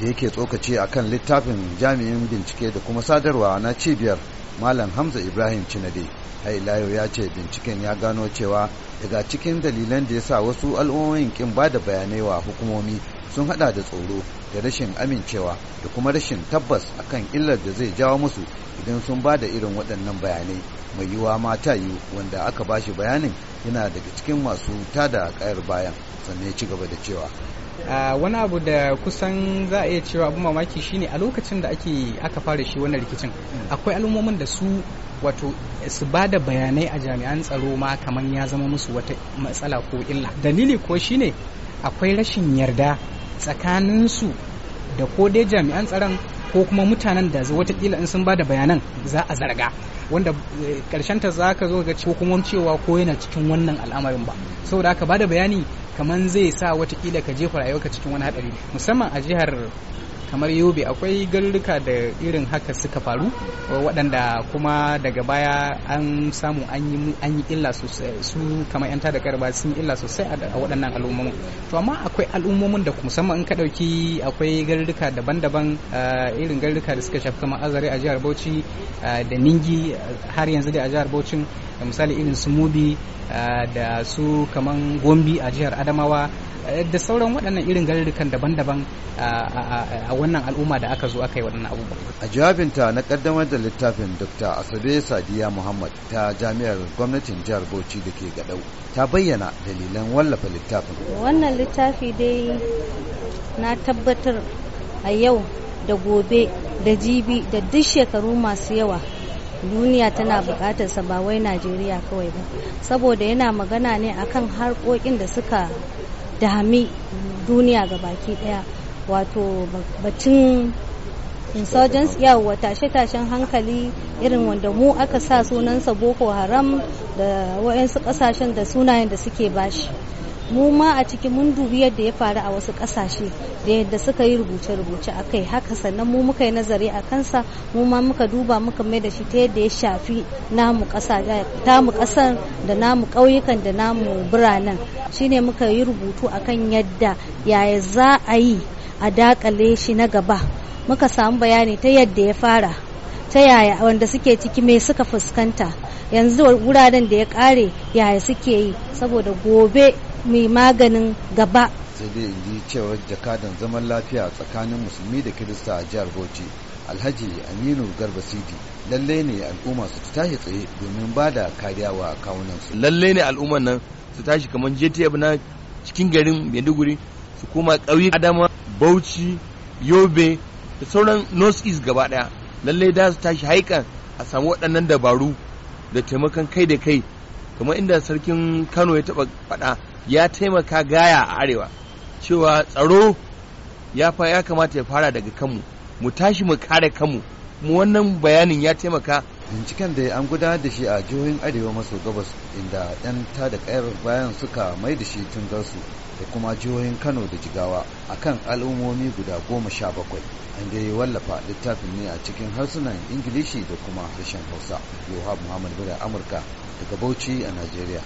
da yake tsokace a kan littafin jami'in bincike da kuma sadarwa na cibiyar malam hamza ibrahim cinade hailayo ya ce binciken ya gano cewa daga cikin dalilan da ya sa wasu al'ummomin kin ba da bayanai wa hukumomi sun hada da tsoro da rashin amincewa da kuma rashin tabbas akan illar da zai jawo musu idan sun ba da irin waɗannan bayanai mai yiwuwa mata yi wanda aka ba shi bayanin yana daga cikin masu tada kayar bayan sannan ya ci gaba da cewa wani abu da kusan za a iya cewa abin mamaki shine a lokacin da ake aka fara shi wannan rikicin akwai al'ummomin da su wato su ba da bayanai a jami'an tsaro ma kamar ya zama musu wata matsala ko illa dalili ko shine akwai rashin yarda tsakaninsu da ko dai jami'an tsaron ko kuma mutanen da watakila in sun ba da bayanan za a zarga wanda eh, ta za ka zo ga ko kuma cewa ko yana cikin wannan al'amarin ba saboda aka ba da bayani kamar zai sa watakila ka jefa rayuwarka cikin wani hadari musamman a jihar kamar yobe akwai garuruka da irin haka suka faru waɗanda kuma daga baya an samu an yi illa sosai su kamar 'yan tada karba sun illa sosai a waɗannan al'ummomin to amma akwai al'ummomin da musamman in ka ɗauki akwai garuruka daban-daban eh, irin garuruka da suka shafi kamar azare a jihar bauchi eh, da ningi eh, har yanzu da a jihar bauchin da misali irin su mubi da su kamar gombi a jihar adamawa da sauran waɗannan irin garurukan daban-daban a wannan al'umma da aka zo aka yi waɗannan abubuwa. A jawabinta na ƙaddamar da littafin Dr. Asabe Sadiya Muhammad ta Jami'ar Gwamnatin Jihar Bauchi da ke Gadau ta bayyana dalilan wallafa littafin. Wannan littafi dai na tabbatar a yau da gobe da jibi da duk shekaru masu yawa duniya tana buƙatar sa ba wai Najeriya kawai ba saboda yana magana ne akan harkokin da suka dami duniya ga baki ɗaya. wato bacin insurgents yawa tashe-tashen hankali irin wanda mu aka sa sunansa boko haram da waɗansu ƙasashen da sunayen da suke bashi mu ma a cikin mun dubi yadda ya faru a wasu kasashe da yadda suka yi rubuce-rubuce a kai haka sannan mu muka yi nazari a kansa mu ma muka duba muka mai da shi ta yadda ya shafi namu eh, tamu ƙasar da namu ƙauyukan da namu biranen shine muka yi rubutu a kan yadda yaya za a yi a dakale shi na gaba muka samu bayani ta yadda ya fara ta yaya wanda suke ciki mai suka fuskanta yanzu wuraren da ya kare yaya suke yi saboda gobe mai maganin gaba sai dai in cewa jakadan zaman lafiya tsakanin musulmi da kirista a jihar bauchi alhaji aminu garba sidi lallai ne al'umma su tashi tsaye domin ba da kariya wa kawunansu lallai ne al'umman nan su tashi kamar jtf na cikin garin maiduguri su koma ƙauyen adama bauchi yobe da sauran north east gaba ɗaya lallai da su tashi haikan a samu waɗannan dabaru da taimakon kai da kai kamar inda sarkin kano ya taɓa faɗa ya taimaka gaya a arewa cewa tsaro ya ya kamata ya fara daga kanmu mu tashi mu kare kanmu mu wannan bayanin ya taimaka binciken da an gudanar da shi a jihohin arewa maso gabas inda 'yan tada kayar bayan suka mai da shi tungarsu da kuma jihohin kano da jigawa a kan al'ummomi guda goma sha bakwai an dai wallafa littafin ne a cikin harsunan ingilishi da kuma harshen hausa yohab muhammad bura amurka daga bauchi a najeriya